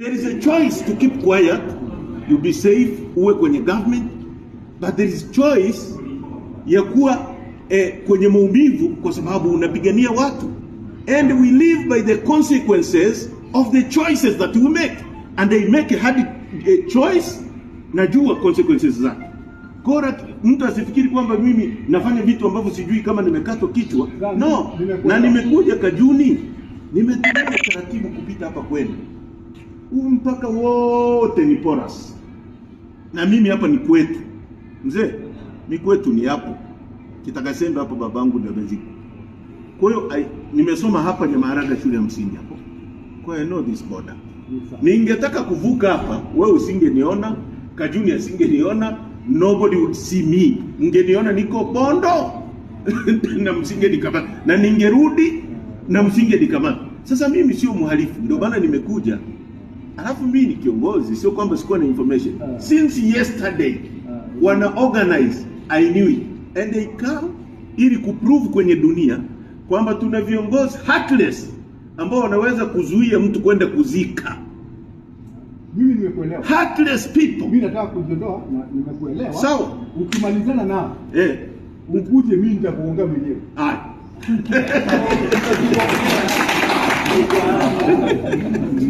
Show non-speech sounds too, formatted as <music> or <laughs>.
There is a choice to keep quiet, you be safe, uwe kwenye government, but there is choice ya kuwa eh, kwenye maumivu kwa sababu unapigania watu. And we live by the consequences of the choices that we make. And they make a hard a eh, choice, najua consequences zake. Kora mtu asifikiri kwamba mimi nafanya vitu ambavyo sijui kama nimekatwa kichwa. No, na nimekuja Kajuni, nimetumia taratibu kupita hapa kwenu huu mpaka wote ni porous, na mimi hapa ni kwetu mzee, ni kwetu, ni hapo Kitakasembe, hapo babangu ndio amezikwa. Kwa hiyo nimesoma hapa Maharaga shule ya msingi hapo, kwa hiyo I know this border. Ningetaka kuvuka hapa, wewe usingeniona, Kajuni asingeniona, nobody would see me. Mngeniona niko Bondo <laughs> na msinge nikamata, na ningerudi na msinge nikamata. Sasa mimi sio mhalifu, ndio maana nimekuja Alafu mimi ni kiongozi, sio kwamba sikuwa na information. Uh, since yesterday uh, wana organize I knew it and they come ili kuprove kwenye dunia kwamba tuna viongozi heartless ambao wanaweza kuzuia mtu kwenda kuzika. Mimi nimekuelewa. Heartless people. Mimi nataka kujiondoa na nimekuelewa. Sawa. So, ukimalizana nao. Eh. Ukuje mimi nitakuongea mwenyewe. Ah. <laughs> <laughs>